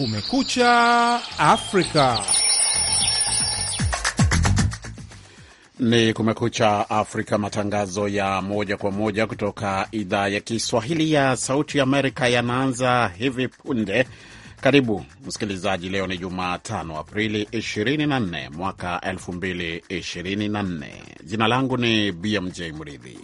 Kumekucha Afrika. Ni Kumekucha Afrika, matangazo ya moja kwa moja kutoka idhaa ya Kiswahili ya Sauti Amerika yanaanza hivi punde. Karibu msikilizaji, leo ni Jumatano, Aprili 24 mwaka 2024. Jina langu ni BMJ Mridhi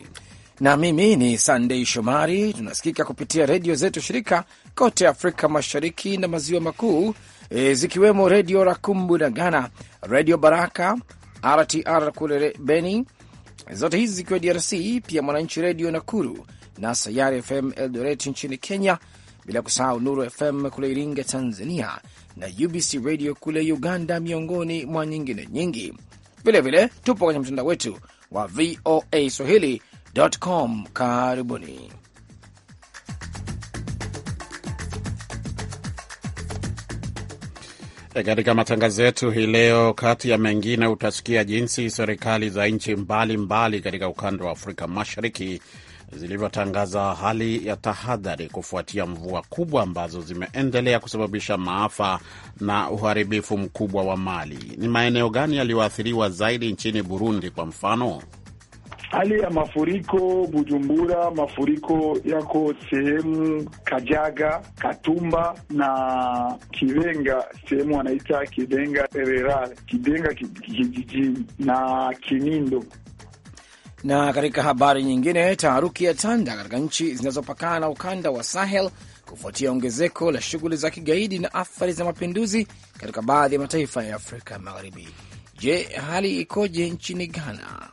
na mimi ni Sandei Shomari. Tunasikika kupitia redio zetu shirika kote Afrika Mashariki na Maziwa Makuu, e, zikiwemo Redio Rakumbu na Ghana, Redio Baraka, RTR kule Beni, zote hizi zikiwa DRC, pia Mwananchi Redio Nakuru na Sayari FM Eldoret nchini Kenya, bila kusahau Nuru FM kule Iringa, Tanzania, na UBC Radio kule Uganda, miongoni mwa nyingine nyingi. Vilevile tupo kwenye mtandao wetu wa VOA Swahili com. Karibuni. E, katika matangazo yetu hii leo, kati ya mengine utasikia jinsi serikali za nchi mbalimbali katika ukanda wa Afrika Mashariki zilivyotangaza hali ya tahadhari kufuatia mvua kubwa ambazo zimeendelea kusababisha maafa na uharibifu mkubwa wa mali. Ni maeneo gani yaliyoathiriwa zaidi nchini Burundi kwa mfano? Hali ya mafuriko Bujumbura, mafuriko yako sehemu Kajaga, Katumba na Kivenga, sehemu wanaita Kivenga Ererare, Kivenga kijijini na Kinindo. Na katika habari nyingine, taharuki ya tanda katika nchi zinazopakana na ukanda wa Sahel kufuatia ongezeko la shughuli za kigaidi na athari za mapinduzi katika baadhi ya mataifa ya Afrika Magharibi. Je, hali ikoje nchini Ghana?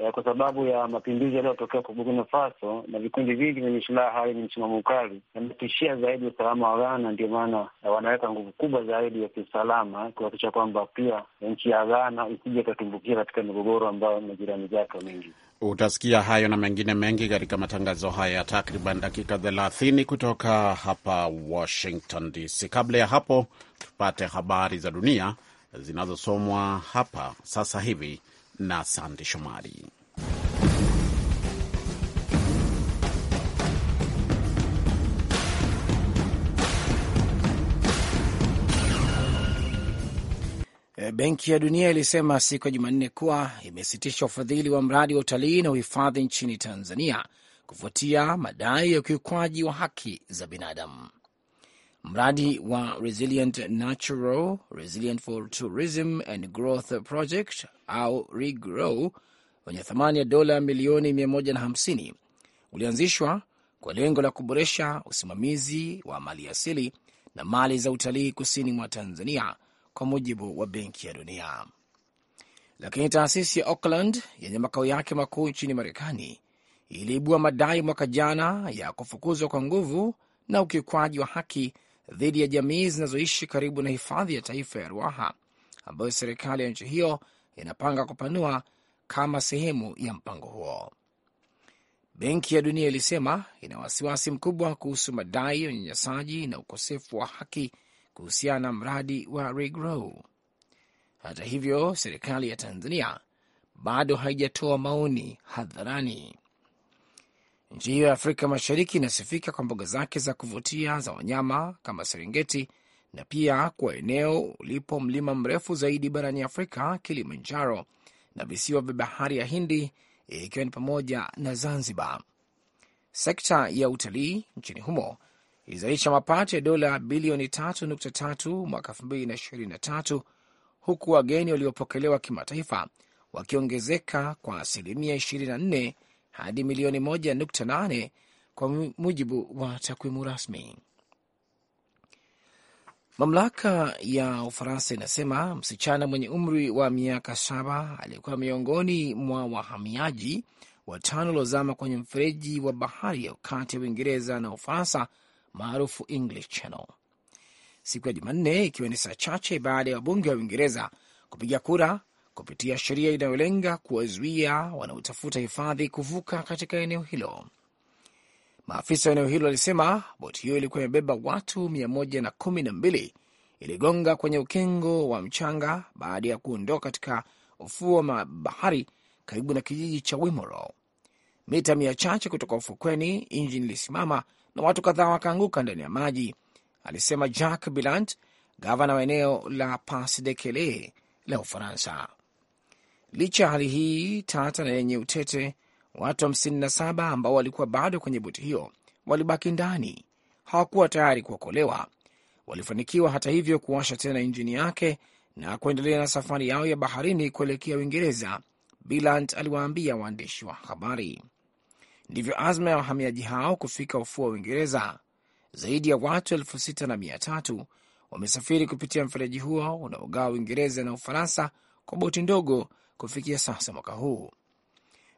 eh, kwa sababu ya mapinduzi yaliyotokea kwa Burkina Faso na vikundi vingi vyenye silaha ni msimamo mkali yametishia zaidi usalama wa Ghana. Ndio maana eh, wanaweka nguvu kubwa zaidi ya kiusalama kuhakikisha kwamba pia nchi ya Ghana isije ikatumbukia katika migogoro ambayo majirani zake mengi. Utasikia hayo na mengine mengi katika matangazo haya ya takriban dakika thelathini kutoka hapa Washington DC. Kabla ya hapo, tupate habari za dunia zinazosomwa hapa sasa hivi na sandi Shomari. Eh, Benki ya Dunia ilisema siku ya Jumanne kuwa imesitisha ufadhili wa mradi wa utalii na uhifadhi nchini Tanzania kufuatia madai ya ukiukwaji wa haki za binadamu. Mradi wa Resilient Natural, Resilient for Tourism and Growth Project au REGROW wenye thamani ya dola milioni 150 ulianzishwa kwa lengo la kuboresha usimamizi wa mali asili na mali za utalii kusini mwa Tanzania kwa mujibu wa Benki ya Dunia. Lakini taasisi ya Oakland yenye makao yake makuu nchini Marekani iliibua madai mwaka jana ya kufukuzwa kwa nguvu na ukiukwaji wa haki dhidi ya jamii zinazoishi karibu na hifadhi ya taifa ya Ruaha ambayo serikali ya nchi hiyo inapanga kupanua kama sehemu ya mpango huo. Benki ya Dunia ilisema ina wasiwasi mkubwa kuhusu madai ya unyanyasaji na ukosefu wa haki kuhusiana na mradi wa Regrow. Hata hivyo, serikali ya Tanzania bado haijatoa maoni hadharani. Nchi hiyo ya Afrika Mashariki inasifika kwa mbuga zake za kuvutia za wanyama kama Serengeti na pia kwa eneo ulipo mlima mrefu zaidi barani Afrika, Kilimanjaro, na visiwa vya bahari ya Hindi ikiwa ni pamoja na Zanzibar. Sekta ya utalii nchini humo ilizalisha mapato ya dola bilioni 3.3 mwaka 2023 huku wageni waliopokelewa kimataifa wakiongezeka kwa asilimia 24 hadi milioni 1.8 kwa mujibu wa takwimu rasmi. Mamlaka ya Ufaransa inasema msichana mwenye umri wa miaka saba aliyekuwa miongoni mwa wahamiaji watano waliozama kwenye mfereji wa bahari ya kati ya Uingereza na Ufaransa maarufu English Channel siku ya Jumanne, ikiwa ni saa chache baada ya wabunge wa Uingereza kupiga kura kupitia sheria inayolenga kuwazuia wanaotafuta hifadhi kuvuka katika eneo hilo. Maafisa wa eneo hilo walisema boti hiyo ilikuwa imebeba watu 112 iligonga kwenye ukingo wa mchanga baada ya kuondoka katika ufuo wa bahari karibu na kijiji cha Wimoro, mita mia chache kutoka ufukweni. Injini ilisimama na watu kadhaa wakaanguka ndani ya maji, alisema Jack Bilant, gavana wa eneo la Pas de Kele la Ufaransa. Licha ya hali hii tata na yenye utete, watu 57 ambao walikuwa bado kwenye boti hiyo walibaki ndani, hawakuwa tayari kuokolewa. Walifanikiwa hata hivyo kuwasha tena injini yake na kuendelea na safari yao ya baharini kuelekea Uingereza, Bilant aliwaambia waandishi wa habari ndivyo azma ya wahamiaji hao kufika ufuo wa Uingereza. Zaidi ya watu elfu sita na mia tatu wamesafiri kupitia mfereji huo unaogawa Uingereza na Ufaransa kwa boti ndogo kufikia sasa mwaka huu.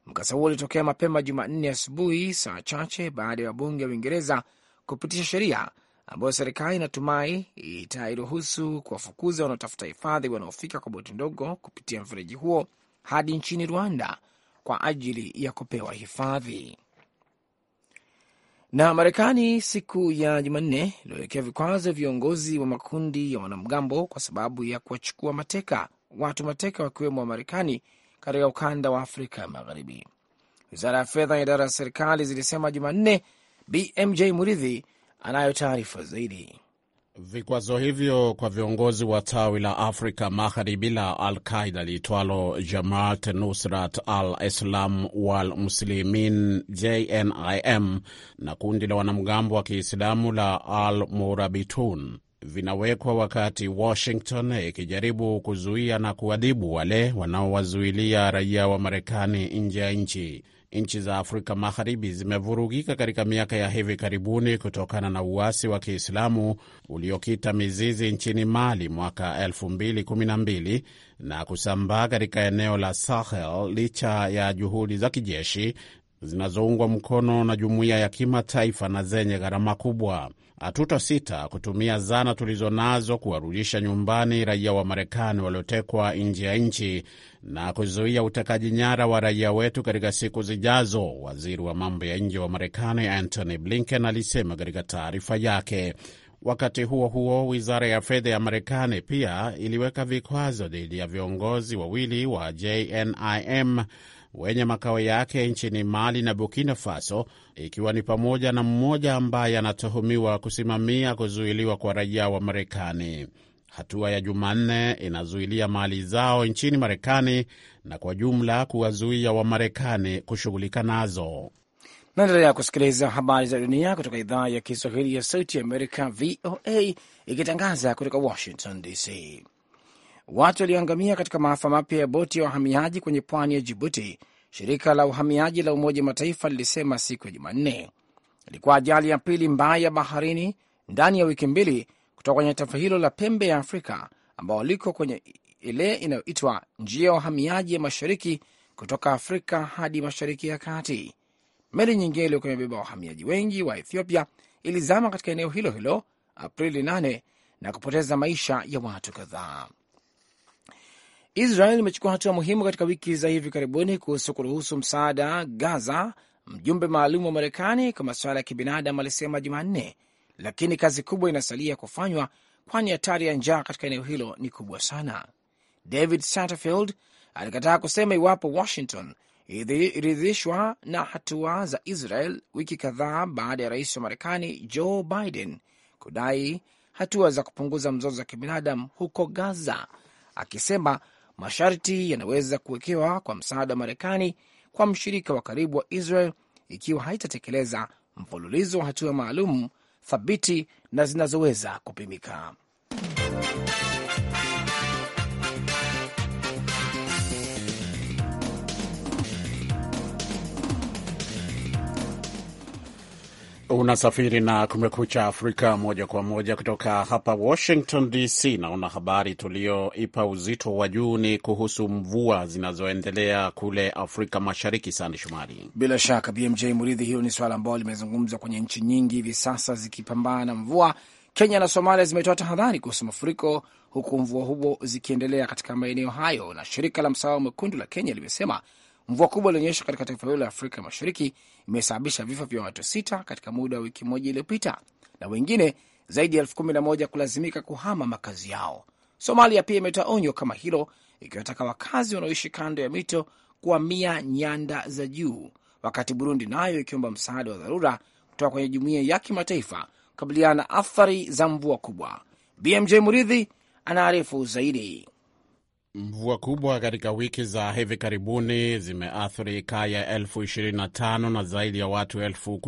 Mkasa huo ulitokea mapema Jumanne asubuhi, saa chache baada ya wabunge wa Uingereza kupitisha sheria ambayo serikali inatumai itairuhusu kuwafukuza wanaotafuta hifadhi wanaofika kwa boti ndogo kupitia mfereji huo hadi nchini Rwanda kwa ajili ya kupewa hifadhi. Na Marekani siku ya Jumanne iliowekea vikwazo viongozi wa makundi ya wanamgambo kwa sababu ya kuwachukua mateka watu mateka wakiwemo wa Marekani katika ukanda wa Afrika Magharibi. Wizara ya fedha na idara ya serikali zilisema Jumanne. BMJ Muridhi anayo taarifa zaidi. Vikwazo hivyo kwa viongozi wa tawi la Afrika Magharibi la Al-Qaida liitwalo Jamaat Nusrat al-Islam wal Muslimin JNIM na kundi la wanamgambo wa Kiislamu la Al-Murabitun vinawekwa wakati Washington ikijaribu kuzuia na kuadhibu wale wanaowazuilia raia wa Marekani nje ya nchi. Nchi za Afrika Magharibi zimevurugika katika miaka ya hivi karibuni kutokana na uasi wa Kiislamu uliokita mizizi nchini Mali mwaka 2012 na kusambaa katika eneo la Sahel licha ya juhudi za kijeshi zinazoungwa mkono na jumuiya ya kimataifa na zenye gharama kubwa. Hatutasita kutumia zana tulizo nazo kuwarudisha nyumbani raia wa Marekani waliotekwa nje ya nchi na kuzuia utekaji nyara wa raia wetu katika siku zijazo, waziri wa mambo ya nje wa Marekani Antony Blinken alisema katika taarifa yake. Wakati huo huo, wizara ya fedha ya Marekani pia iliweka vikwazo dhidi ya viongozi wawili wa JNIM wenye makao yake nchini Mali na Burkina Faso, ikiwa ni pamoja na mmoja ambaye anatuhumiwa kusimamia kuzuiliwa kwa raia wa Marekani. Hatua ya Jumanne inazuilia mali zao nchini Marekani na kwa jumla kuwazuia Wamarekani kushughulika nazo. Naendelea kusikiliza habari za dunia kutoka idhaa ya Kiswahili ya Sauti ya Amerika, VOA, ikitangaza kutoka Washington DC. Watu walioangamia katika maafa mapya ya boti ya wahamiaji kwenye pwani ya Jibuti, shirika la uhamiaji la Umoja Mataifa lilisema siku ya Jumanne. Ilikuwa ajali ya pili mbaya ya baharini ndani ya wiki mbili kutoka kwenye taifa hilo la pembe ya Afrika ambao liko kwenye ile inayoitwa njia ya wahamiaji ya mashariki kutoka Afrika hadi mashariki ya kati. Meli nyingine iliyokuwa imebeba wahamiaji wengi wa Ethiopia ilizama katika eneo hilo hilo Aprili 8 na kupoteza maisha ya watu kadhaa. Israel imechukua hatua muhimu katika wiki za hivi karibuni kuhusu kuruhusu msaada Gaza. Mjumbe maalum wa Marekani kwa masuala ya kibinadamu alisema Jumanne lakini kazi kubwa inasalia kufanywa, kwani hatari ya njaa katika eneo hilo ni kubwa sana. David Satterfield alikataa kusema iwapo Washington iliridhishwa na hatua za Israel wiki kadhaa baada ya rais wa Marekani Joe Biden kudai hatua za kupunguza mzozo wa kibinadamu huko Gaza, akisema masharti yanaweza kuwekewa kwa msaada wa Marekani kwa mshirika wa karibu wa Israel ikiwa haitatekeleza mfululizo wa hatua maalum thabiti na zinazoweza kupimika. Unasafiri na Kumekucha Afrika moja kwa moja kutoka hapa Washington DC. Naona habari tulioipa uzito wa juu ni kuhusu mvua zinazoendelea kule Afrika Mashariki. Sande Shomari, bila shaka BMJ Muridhi, hilo ni swala ambalo limezungumzwa kwenye nchi nyingi hivi sasa zikipambana na mvua. Kenya na Somalia zimetoa tahadhari kuhusu mafuriko, huku mvua huo zikiendelea katika maeneo hayo, na shirika la Msalaba Mwekundu la Kenya limesema Mvua kubwa ilionyesha katika taifa hilo la Afrika Mashariki imesababisha vifo vya watu sita katika muda wa wiki moja iliyopita na wengine zaidi ya elfu kumi na moja kulazimika kuhama makazi yao. Somalia pia imetoa onyo kama hilo, ikiwataka wakazi wanaoishi kando ya mito kuhamia nyanda za juu, wakati Burundi nayo ikiomba msaada wa dharura kutoka kwenye jumuiya ya kimataifa kukabiliana na athari za mvua kubwa. BMJ Muridhi anaarifu zaidi. Mvua kubwa katika wiki za hivi karibuni zimeathiri kaya elfu na zaidi ya watu elfu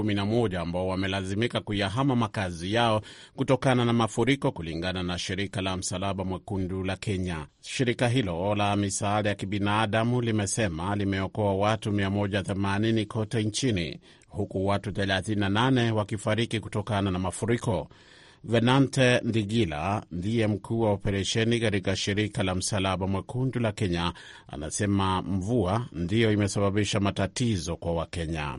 ambao wamelazimika kuyahama makazi yao kutokana na mafuriko, kulingana na shirika la Msalaba Mwekundu la Kenya. Shirika hilo la misaada ya kibinadamu limesema limeokoa watu 180 kote nchini huku watu 38 wakifariki kutokana na mafuriko. Venante Ndigila ndiye mkuu wa operesheni katika shirika la Msalaba Mwekundu la Kenya anasema mvua ndiyo imesababisha matatizo kwa Wakenya.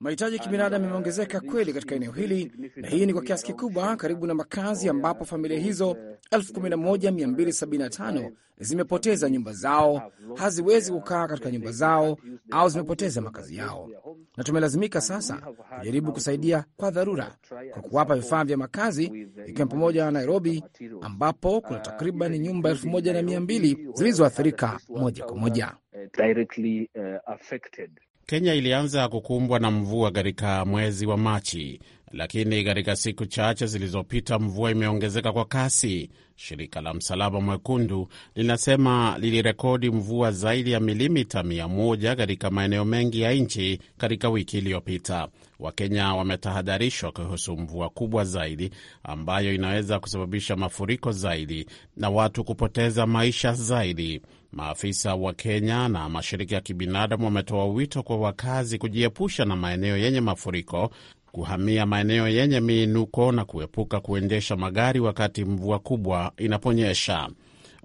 mahitaji ya kibinadamu yameongezeka kweli katika eneo hili, na hii ni kwa kiasi kikubwa karibu na makazi, ambapo familia hizo 11275 zimepoteza nyumba zao, haziwezi kukaa katika nyumba zao au zimepoteza makazi yao, na tumelazimika sasa tunajaribu kusaidia kwa dharura kwa kuwapa vifaa vya makazi, ikiwa pamoja na Nairobi ambapo kuna takriban nyumba elfu moja na mia mbili zilizoathirika moja kwa moja. Uh, Kenya ilianza kukumbwa na mvua katika mwezi wa Machi lakini katika siku chache zilizopita mvua imeongezeka kwa kasi. Shirika la Msalaba Mwekundu linasema lilirekodi mvua zaidi ya milimita mia moja katika maeneo mengi ya nchi katika wiki iliyopita. Wakenya wametahadharishwa kuhusu mvua kubwa zaidi ambayo inaweza kusababisha mafuriko zaidi na watu kupoteza maisha zaidi. Maafisa wa Kenya na mashirika ya kibinadamu wametoa wito kwa wakazi kujiepusha na maeneo yenye mafuriko kuhamia maeneo yenye miinuko na kuepuka kuendesha magari wakati mvua kubwa inaponyesha.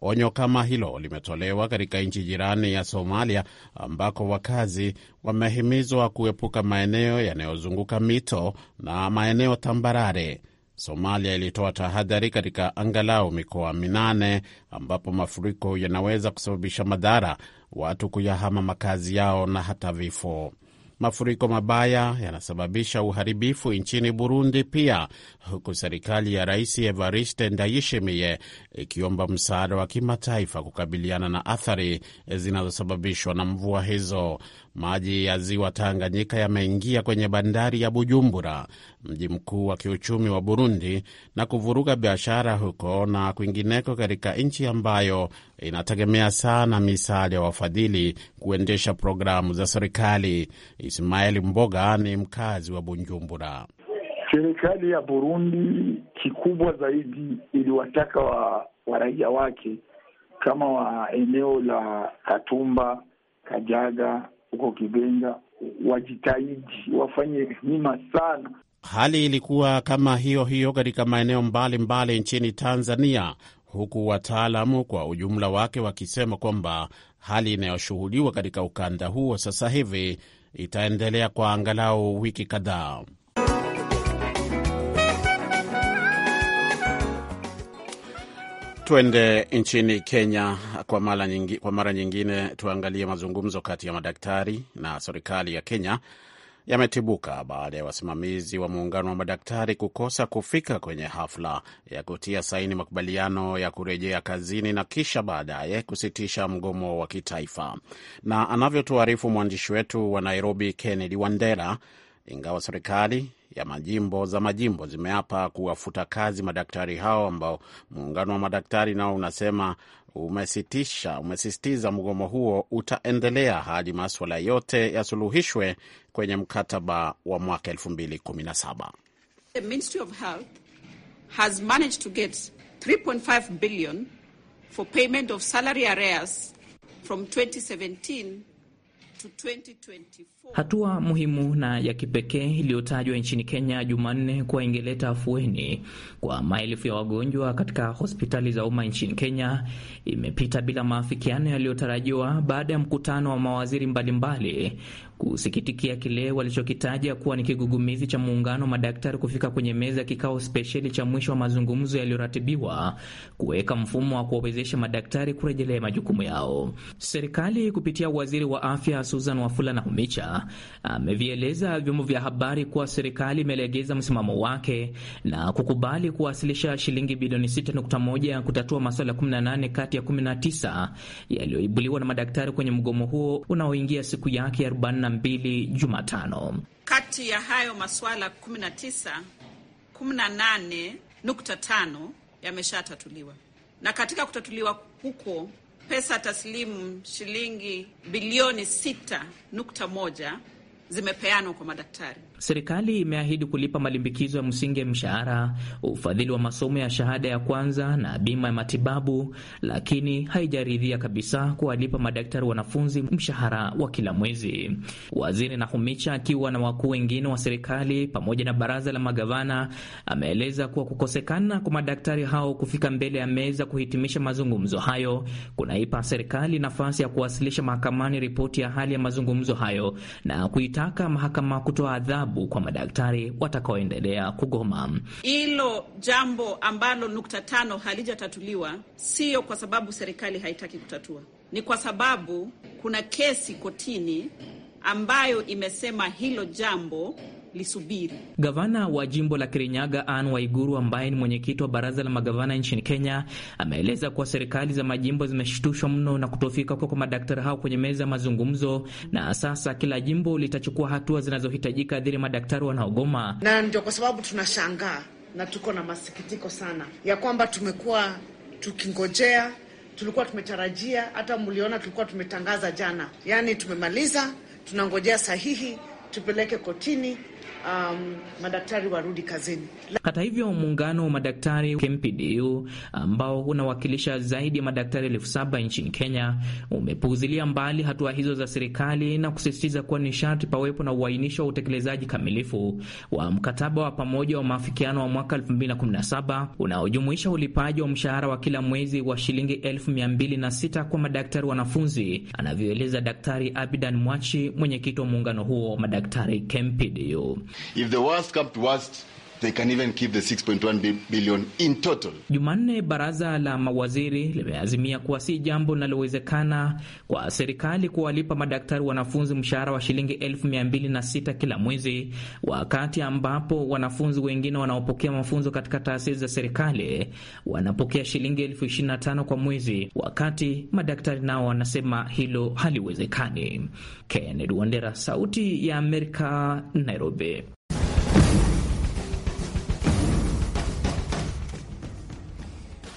Onyo kama hilo limetolewa katika nchi jirani ya Somalia ambako wakazi wamehimizwa kuepuka maeneo yanayozunguka mito na maeneo tambarare. Somalia ilitoa tahadhari katika angalau mikoa minane ambapo mafuriko yanaweza kusababisha madhara, watu kuyahama makazi yao na hata vifo. Mafuriko mabaya yanasababisha uharibifu nchini Burundi pia, huku serikali ya Rais Evariste Ndayishimiye ikiomba msaada wa kimataifa kukabiliana na athari zinazosababishwa na mvua hizo. Maji ya ziwa Tanganyika yameingia kwenye bandari ya Bujumbura, mji mkuu wa kiuchumi wa Burundi, na kuvuruga biashara huko na kwingineko katika nchi ambayo inategemea sana misaada ya wafadhili kuendesha programu za serikali. ismael Mboga ni mkazi wa Bujumbura. Serikali ya Burundi kikubwa zaidi iliwataka wa waraia wake kama wa eneo la Katumba, Kajaga huko Kibenga wajitahidi wafanye mima sana. Hali ilikuwa kama hiyo hiyo katika maeneo mbalimbali nchini Tanzania, huku wataalamu kwa ujumla wake wakisema kwamba hali inayoshuhudiwa katika ukanda huo sasa hivi itaendelea kwa angalau wiki kadhaa. Tuende nchini Kenya kwa mara nyingi, kwa mara nyingine tuangalie mazungumzo kati ya madaktari na serikali ya Kenya yametibuka baada ya wasimamizi wa muungano wa madaktari kukosa kufika kwenye hafla ya kutia saini makubaliano ya kurejea kazini na kisha baadaye kusitisha mgomo wa kitaifa. Na anavyotuarifu mwandishi wetu wa Nairobi, Kennedy Wandera, ingawa serikali ya majimbo za majimbo zimeapa kuwafuta kazi madaktari hao ambao muungano wa madaktari nao unasema umesitisha umesisitiza mgomo huo utaendelea hadi maswala yote yasuluhishwe kwenye mkataba wa mwaka 2017. from 2017 Hatua muhimu na ya kipekee iliyotajwa nchini Kenya Jumanne kuwa ingeleta afueni kwa maelfu ya wagonjwa katika hospitali za umma nchini Kenya imepita bila maafikiano yaliyotarajiwa baada ya mkutano wa mawaziri mbalimbali kusikitikia kile walichokitaja kuwa ni kigugumizi cha muungano madaktari kufika kwenye meza ya kikao spesheli cha mwisho wa mazungumzo yaliyoratibiwa kuweka mfumo wa kuwawezesha madaktari kurejelea majukumu yao. Serikali kupitia waziri wa afya Susan Wafula Humicha amevieleza vyombo vya habari kuwa serikali imelegeza msimamo wake na kukubali kuwasilisha shilingi bilioni 6.1 kutatua maswala 18 kati ya 19 yaliyoibuliwa na madaktari kwenye mgomo huo unaoingia siku yake ya 12 Jumatano. Kati ya hayo masuala 19, yameshatatuliwa na katika kutatuliwa huko pesa taslimu shilingi bilioni 6.1 zimepeanwa kwa madaktari. Serikali imeahidi kulipa malimbikizo ya msingi ya mshahara, ufadhili wa masomo ya shahada ya kwanza na bima ya matibabu, lakini haijaridhia kabisa kuwalipa madaktari wanafunzi mshahara wa kila mwezi. Waziri Nahumicha akiwa na wakuu wengine wa serikali pamoja na baraza la magavana ameeleza kuwa kukosekana kwa madaktari hao kufika mbele ya meza kuhitimisha mazungumzo hayo kunaipa serikali nafasi ya kuwasilisha mahakamani ripoti ya hali ya mazungumzo hayo na kuitaka mahakama kutoa adhabu adhabu kwa madaktari watakaoendelea kugoma. Hilo jambo ambalo nukta tano halijatatuliwa siyo kwa sababu serikali haitaki kutatua, ni kwa sababu kuna kesi kotini ambayo imesema hilo jambo lisubiri. Gavana wa jimbo la Kirinyaga Anne Waiguru, ambaye ni mwenyekiti wa baraza la magavana nchini Kenya, ameeleza kuwa serikali za majimbo zimeshtushwa mno na kutofika kwa madaktari hao kwenye meza ya mazungumzo, na sasa kila jimbo litachukua hatua zinazohitajika dhidi ya madaktari wanaogoma, na ndio kwa sababu tunashangaa na tuko na masikitiko sana ya kwamba tumekuwa tukingojea tulikuwa tumetarajia, hata mliona, tulikuwa tumetangaza jana, yaani tumemaliza, tunangojea sahihi tupeleke kotini um, madaktari warudi kazini. Hata hivyo muungano wa madaktari KMPDU ambao unawakilisha zaidi ya madaktari elfu saba nchini Kenya umepuuzilia mbali hatua hizo za serikali na kusisitiza kuwa ni sharti pawepo na uainisho wa utekelezaji kamilifu wa mkataba wa pamoja wa maafikiano wa mwaka 2017 unaojumuisha ulipaji wa mshahara wa kila mwezi wa shilingi elfu mia mbili na sita kwa madaktari wanafunzi, anavyoeleza Daktari Abidan Mwachi, mwenyekiti wa muungano huo wa madaktari KMPDU. If the worst comes to worst, They can even keep the 6.1 billion in total. Jumanne baraza la mawaziri limeazimia kuwa si jambo linalowezekana kwa serikali kuwalipa madaktari wanafunzi mshahara wa shilingi elfu mia mbili na sita kila mwezi, wakati ambapo wanafunzi wengine wanaopokea mafunzo katika taasisi za serikali wanapokea shilingi elfu ishirini na tano kwa mwezi, wakati madaktari nao wanasema hilo haliwezekani. Kennedy Wandera, Sauti ya Amerika, Nairobi.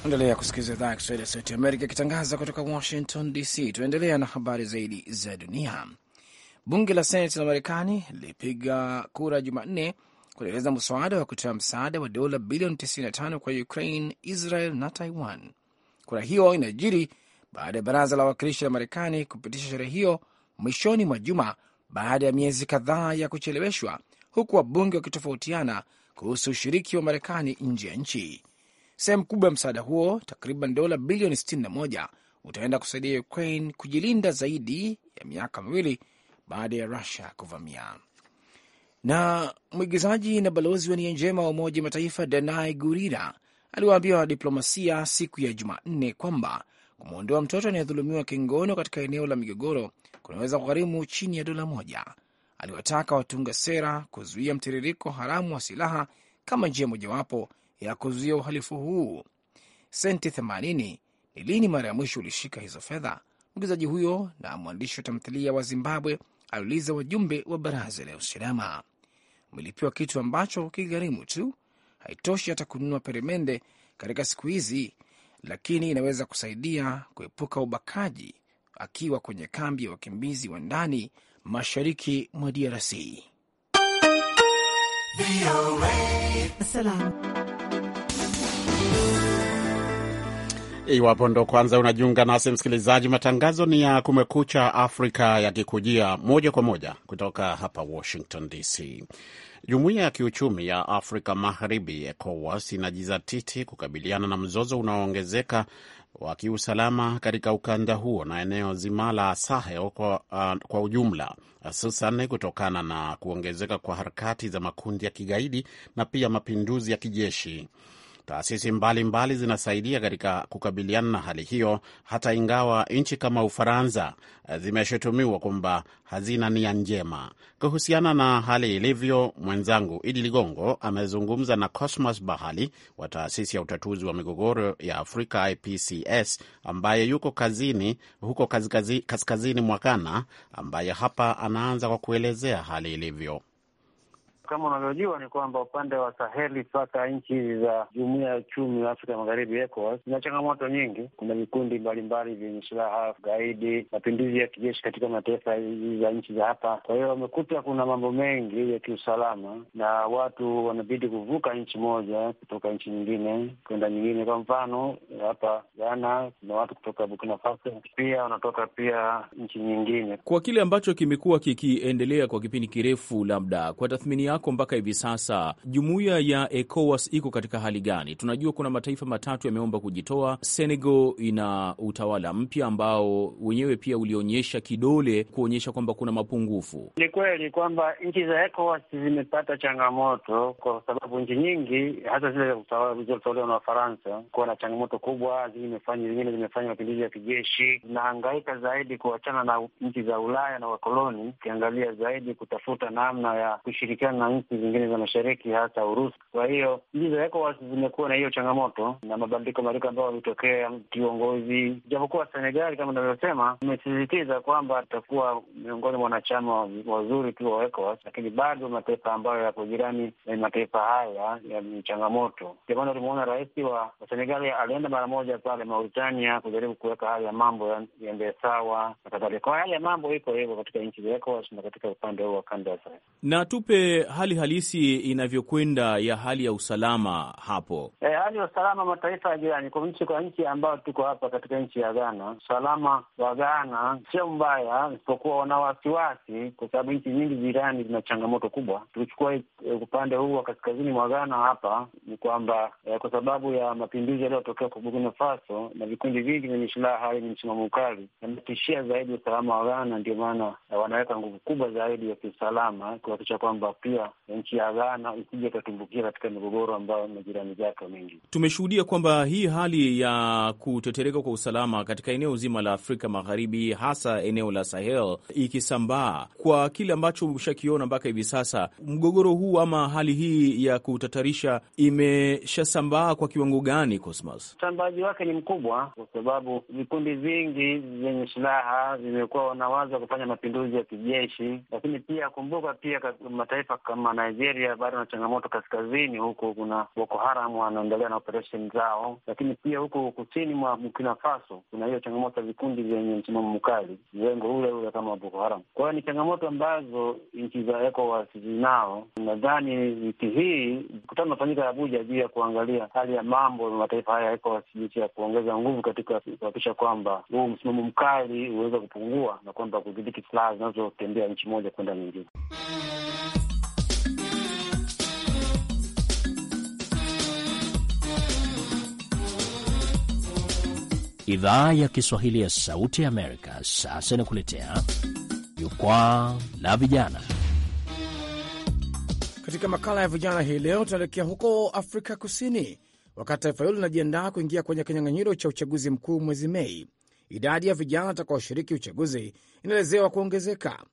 Endelea kusikiliza idhaa ya Kiswahili ya Sauti Amerika ikitangaza kutoka Washington DC. Tunaendelea na habari zaidi za dunia. Bunge la Senati la Marekani lilipiga kura Jumanne kueleza mswada wa kutoa msaada wa dola bilioni 95 kwa Ukraine, Israel na Taiwan. Kura hiyo inajiri baada ya baraza la wawakilishi la Marekani kupitisha sheria hiyo mwishoni mwa juma baada ya miezi kadhaa ya kucheleweshwa, huku wabunge wakitofautiana kuhusu ushiriki wa Marekani nje ya nchi. Sehemu kubwa ya msaada huo, takriban dola bilioni 61, utaenda kusaidia Ukraine kujilinda zaidi ya miaka miwili baada ya Rusia kuvamia. Na mwigizaji na balozi wa nia njema wa Umoja Mataifa Danai Gurira aliwaambia wanadiplomasia siku ya Jumanne kwamba kumwondoa mtoto anayedhulumiwa kingono katika eneo la migogoro kunaweza kugharimu chini ya dola moja. Aliwataka watunga sera kuzuia mtiririko haramu wa silaha kama njia mojawapo ya kuzuia uhalifu huu. Senti 80 ni lini mara ya mwisho ulishika hizo fedha? Mwigizaji huyo na mwandishi wa tamthilia wa Zimbabwe aliuliza wajumbe wa baraza la usalama. Umelipiwa kitu ambacho kigharimu tu, haitoshi hata kununua peremende katika siku hizi, lakini inaweza kusaidia kuepuka ubakaji akiwa kwenye kambi ya wakimbizi wa ndani mashariki mwa DRC. Iwapo ndo kwanza unajiunga nasi msikilizaji, matangazo ni ya Kumekucha Afrika yakikujia moja kwa moja kutoka hapa Washington DC. Jumuiya ya Kiuchumi ya Afrika Magharibi, ECOWAS, inajizatiti kukabiliana na mzozo unaoongezeka wa kiusalama katika ukanda huo na eneo zima la Sahel kwa, uh, kwa ujumla, hususan kutokana na kuongezeka kwa harakati za makundi ya kigaidi na pia mapinduzi ya kijeshi Taasisi mbalimbali zinasaidia katika kukabiliana na hali hiyo, hata ingawa nchi kama Ufaransa eh, zimeshutumiwa kwamba hazina nia njema. Kuhusiana na hali ilivyo, mwenzangu Idi Ligongo amezungumza na Cosmas Bahali wa taasisi ya utatuzi wa migogoro ya Afrika, IPCS, ambaye yuko kazini huko kaskazini mwa Ghana, ambaye hapa anaanza kwa kuelezea hali ilivyo kama unavyojua ni kwamba upande wa Saheli mpaka nchi za jumuia ya uchumi wa Afrika Magharibi, ECOWAS, zina changamoto nyingi. Kuna vikundi mbalimbali vyenye silaha, gaidi, mapinduzi ya kijeshi katika mataifa za nchi za hapa. Kwa hiyo wamekuta kuna mambo mengi ya kiusalama, na watu wanabidi kuvuka nchi moja kutoka nchi nyingine kwenda nyingine. Kwa mfano hapa Ghana kuna watu kutoka Burkina Faso pia wanatoka pia nchi nyingine, kwa kile ambacho kimekuwa kikiendelea kwa kipindi kirefu. Labda kwa tathmini yako yako mpaka hivi sasa, jumuiya ya ECOWAS iko katika hali gani? Tunajua kuna mataifa matatu yameomba kujitoa. Senegal ina utawala mpya ambao wenyewe pia ulionyesha kidole kuonyesha kwamba kuna mapungufu. Ni kweli kwamba nchi za ECOWAS zimepata changamoto kwa sababu nchi nyingi hata zile zilizotolewa na Wafaransa kuwa na changamoto kubwa, zingine zimefanya mapinduzi ya kijeshi, zinahangaika zaidi kuachana na nchi za Ulaya na wakoloni, ukiangalia zaidi kutafuta namna ya kushirikiana na nchi zingine za mashariki hasa Urusi. Kwa hiyo nchi za ECOWAS zimekuwa na hiyo changamoto na mabadiliko mariko ambayo yalitokea kiongozi, japokuwa Senegali kama inavyosema, imesisitiza kwamba atakuwa miongoni mwa wanachama wazuri tu wa ECOWAS, lakini bado mataifa ambayo yako jirani na mataifa haya ya changamoto. Ndio maana tulimuona rais wa Senegali alienda mara moja pale Mauritania kujaribu kuweka hali ya mambo yaende sawa na kadhalika. Kwa hali ya mambo iko hivyo katika nchi za ECOWAS na katika upande huu wa kanda ya Sahel. Na tupe hali halisi inavyokwenda ya hali ya usalama hapo? E, hali ya usalama mataifa ya jirani, kwa nchi kwa nchi ambayo tuko hapa katika nchi ya Ghana, usalama wa Ghana sio mbaya, isipokuwa wana wasiwasi kwa sababu nchi nyingi jirani zina changamoto kubwa. Tukichukua e, upande huu wa kaskazini mwa Ghana hapa ni kwamba e, kwa sababu ya mapinduzi yaliyotokea kwa Burkina Faso na vikundi vingi vyenye silaha ni msimamo mkali yametishia zaidi usalama wa Ghana, ndio maana wanaweka nguvu kubwa zaidi ya kiusalama kuhakikisha kwamba pia kupitia nchi ya Ghana isije ikatumbukia katika migogoro ambayo majirani zake mengi. Tumeshuhudia kwamba hii hali ya kutetereka kwa usalama katika eneo zima la Afrika Magharibi, hasa eneo la Sahel, ikisambaa kwa kile ambacho umeshakiona mpaka hivi sasa. Mgogoro huu ama hali hii ya kutatarisha imeshasambaa kwa kiwango gani, Cosmas? Usambaaji wake ni mkubwa, kwa sababu vikundi vingi vyenye silaha vimekuwa wanawaza kufanya mapinduzi ya kijeshi, lakini pia kumbuka pia mataifa kama Nigeria bado na changamoto kaskazini, huku kuna Boko Haram wanaendelea na operesheni zao, lakini pia huku kusini mwa Burkina Faso kuna hiyo changamoto ya vikundi vyenye msimamo mkali, mrengo ule ule kama Boko Haram. Kwa hiyo ni changamoto ambazo nchi za ECOWAS zinao. Nadhani wiki hii mkutano unafanyika Abuja juu ya kuangalia hali ya mambo mataifa haya ECOWAS jinsi ya kuongeza nguvu katika kuhakikisha kwamba huu msimamo mkali uweze kupungua na kwamba kudhibiti silaha zinazotembea nchi moja kwenda nyingine. Idhaa ya Kiswahili ya Sauti ya Amerika sasa inakuletea jukwaa la vijana. Katika makala ya vijana hii leo, tunaelekea huko Afrika Kusini. Wakati taifa hilo linajiandaa kuingia kwenye kinyang'anyiro cha uchaguzi mkuu mwezi Mei, idadi ya vijana watakaoshiriki uchaguzi inaelezewa kuongezeka,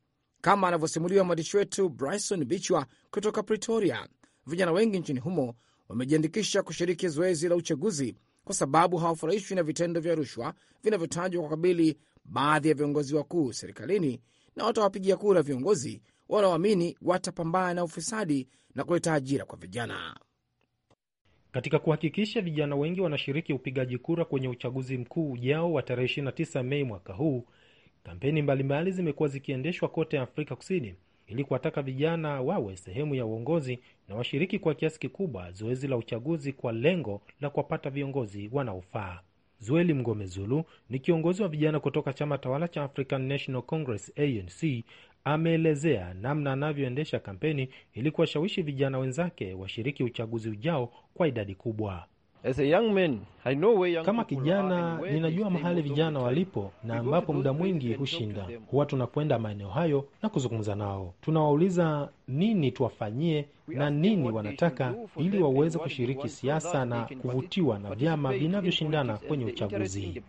kama anavyosimuliwa mwandishi wetu Bryson Bichwa kutoka Pretoria. Vijana wengi nchini humo wamejiandikisha kushiriki zoezi la uchaguzi kwa sababu hawafurahishwi na vitendo vya rushwa vinavyotajwa kabili baadhi ya viongozi wakuu serikalini, na watawapigia kura viongozi wanaoamini watapambana na ufisadi na kuleta ajira kwa vijana. Katika kuhakikisha vijana wengi wanashiriki upigaji kura kwenye uchaguzi mkuu ujao wa tarehe 29 Mei mwaka huu, kampeni mbalimbali zimekuwa zikiendeshwa kote Afrika Kusini ili kuwataka vijana wawe sehemu ya uongozi na washiriki kwa kiasi kikubwa zoezi la uchaguzi kwa lengo la kuwapata viongozi wanaofaa. Zueli Mgome Zulu ni kiongozi wa vijana kutoka chama tawala cha African National Congress ANC. Ameelezea namna anavyoendesha kampeni ili kuwashawishi vijana wenzake washiriki uchaguzi ujao kwa idadi kubwa. As a young man, I know where young kama kijana ninajua mahali vijana walipo na ambapo muda mwingi hushinda. Huwa tunakwenda maeneo hayo na kuzungumza nao, tunawauliza nini tuwafanyie na nini wanataka ili waweze kushiriki siasa na kuvutiwa na vyama vinavyoshindana kwenye uchaguzi.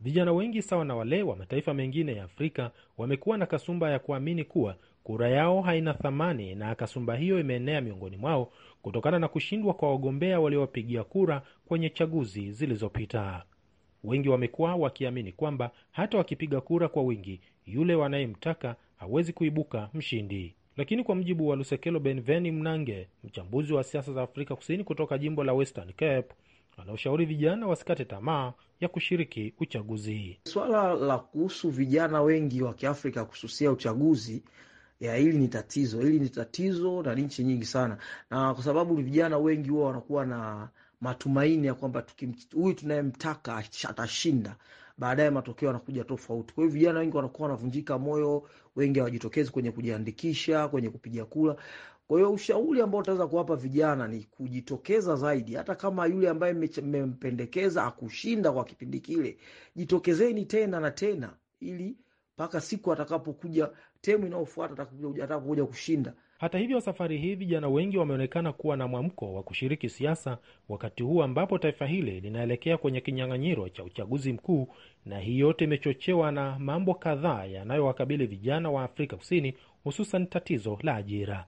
Vijana wengi sawa na wale wa mataifa mengine ya Afrika wamekuwa na kasumba ya kuamini kuwa kura yao haina thamani, na kasumba hiyo imeenea miongoni mwao kutokana na kushindwa kwa wagombea waliowapigia kura kwenye chaguzi zilizopita. Wengi wamekuwa wakiamini kwamba hata wakipiga kura kwa wingi, yule wanayemtaka hawezi kuibuka mshindi. Lakini kwa mjibu wa Lusekelo Benveni Mnange, mchambuzi wa siasa za Afrika Kusini kutoka jimbo la Western Cape, anaoshauri vijana wasikate tamaa ya kushiriki uchaguzi. Swala la kuhusu vijana wengi wa Kiafrika kususia uchaguzi ya hili ni tatizo, hili ni tatizo na nchi nyingi sana, na kwa sababu vijana wengi huwa wanakuwa na matumaini ya kwamba huyu tunayemtaka atashinda, baadaye matokeo yanakuja tofauti. Kwa hiyo vijana wengi wanakuwa wanavunjika moyo, wengi hawajitokezi kwenye kujiandikisha, kwenye kupiga kura. Kwa hiyo ushauri ambao utaweza kuwapa vijana ni kujitokeza zaidi, hata kama yule ambaye mmempendekeza akushinda kwa kipindi kile, jitokezeni tena na tena ili mpaka siku atakapokuja temu inayofuata atakapokuja kushinda. Hata hivyo, safari hii vijana wengi wameonekana kuwa na mwamko wa kushiriki siasa wakati huu ambapo taifa hili linaelekea kwenye kinyang'anyiro cha uchaguzi mkuu, na hii yote imechochewa na mambo kadhaa yanayowakabili vijana wa Afrika Kusini, hususan tatizo la ajira.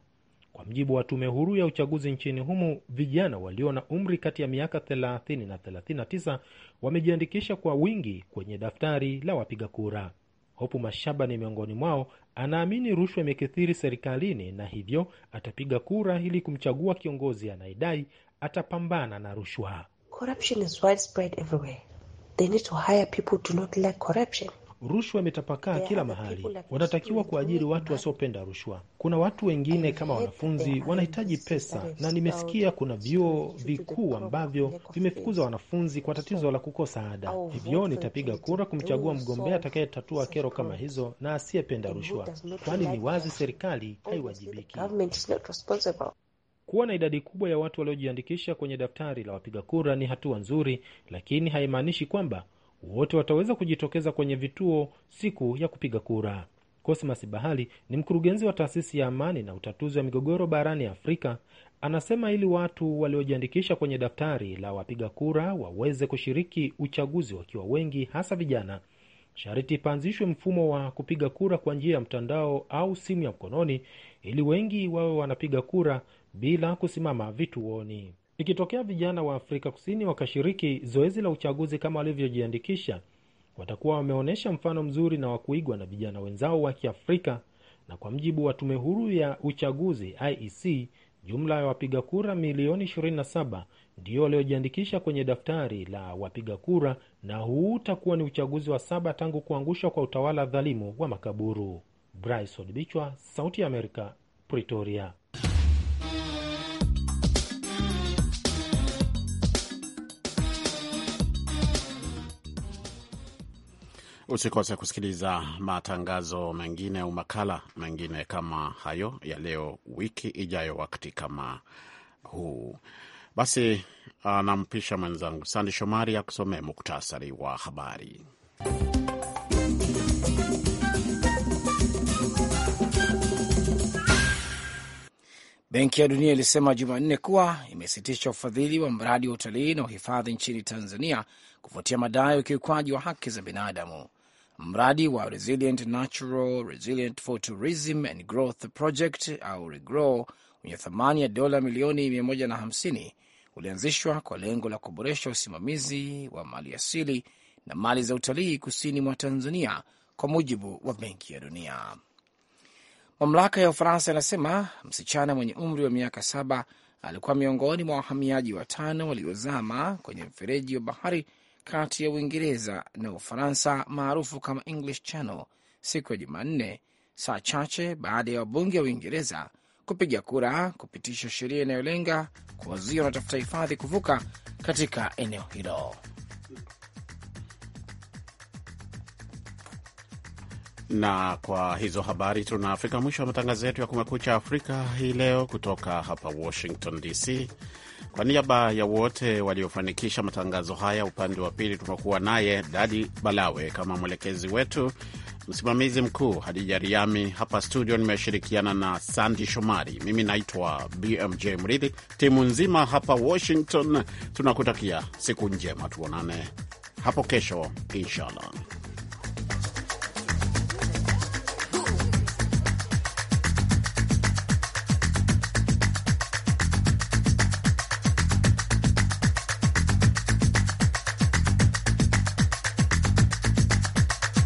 Kwa mjibu wa tume huru ya uchaguzi nchini humo, vijana walio na umri kati ya miaka 30 na 39 wamejiandikisha kwa wingi kwenye daftari la wapiga kura. Hopu Mashaba ni miongoni mwao. Anaamini rushwa imekithiri serikalini na hivyo atapiga kura ili kumchagua kiongozi anayedai atapambana na rushwa. Corruption is widespread everywhere. They need to hire people not like corruption. Rushwa imetapakaa kila mahali. Wanatakiwa kuajiri watu wasiopenda rushwa. Kuna watu wengine kama wanafunzi wanahitaji pesa, na nimesikia kuna vyuo vikuu ambavyo vimefukuza wanafunzi kwa tatizo la kukosa ada. Hivyo nitapiga kura kumchagua mgombea atakayetatua kero kama hizo na asiyependa rushwa, kwani ni wazi serikali haiwajibiki. Kuwa na idadi kubwa ya watu waliojiandikisha kwenye daftari la wapiga kura ni hatua nzuri, lakini haimaanishi kwamba wote wataweza kujitokeza kwenye vituo siku ya kupiga kura. Cosmas Bahali ni mkurugenzi wa taasisi ya amani na utatuzi wa migogoro barani Afrika. Anasema ili watu waliojiandikisha kwenye daftari la wapiga kura waweze kushiriki uchaguzi wakiwa wengi, hasa vijana, sharti ipaanzishwe mfumo wa kupiga kura kwa njia ya mtandao au simu ya mkononi, ili wengi wawe wanapiga kura bila kusimama vituoni. Ikitokea vijana wa Afrika Kusini wakashiriki zoezi la uchaguzi kama walivyojiandikisha, watakuwa wameonyesha mfano mzuri na wa kuigwa na vijana wenzao wa Kiafrika. Na kwa mjibu wa tume huru ya uchaguzi IEC, jumla ya wapiga kura milioni 27 ndio waliojiandikisha kwenye daftari la wapiga kura, na huu utakuwa ni uchaguzi wa saba tangu kuangushwa kwa utawala dhalimu wa makaburu. Bryson Bichwa, Sauti ya Amerika, Pretoria. Usikose kusikiliza matangazo mengine au makala mengine kama hayo ya leo wiki ijayo wakati kama huu. Basi anampisha ah, mwenzangu Sandi Shomari akusomee muktasari wa habari. Benki ya Dunia ilisema Jumanne kuwa imesitisha ufadhili wa mradi wa utalii na uhifadhi nchini Tanzania kufuatia madai ya ukiukwaji wa haki za binadamu. Mradi wa Resilient Natural Resilient for Tourism and Growth Project au REGROW wenye thamani ya dola milioni 150 ulianzishwa kwa lengo la kuboresha usimamizi wa mali asili na mali za utalii kusini mwa Tanzania, kwa mujibu wa Benki ya Dunia. Mamlaka ya Ufaransa inasema msichana mwenye umri wa miaka saba alikuwa miongoni mwa wahamiaji watano waliozama kwenye mfereji wa bahari kati ya Uingereza na Ufaransa maarufu kama English Channel siku ya Jumanne, saa chache baada ya wabunge wa Uingereza kupiga kura kupitisha sheria inayolenga kuwazuia wanatafuta hifadhi kuvuka katika eneo hilo. Na kwa hizo habari tunafika mwisho wa matangazo yetu ya Kumekucha Afrika hii leo kutoka hapa Washington DC. Kwa niaba ya wote waliofanikisha matangazo haya, upande wa pili tumekuwa naye Dadi Balawe kama mwelekezi wetu, msimamizi mkuu Hadija Riami. Hapa studio nimeshirikiana na Sandi Shomari. Mimi naitwa BMJ Mridhi. Timu nzima hapa Washington tunakutakia siku njema, tuonane hapo kesho inshallah.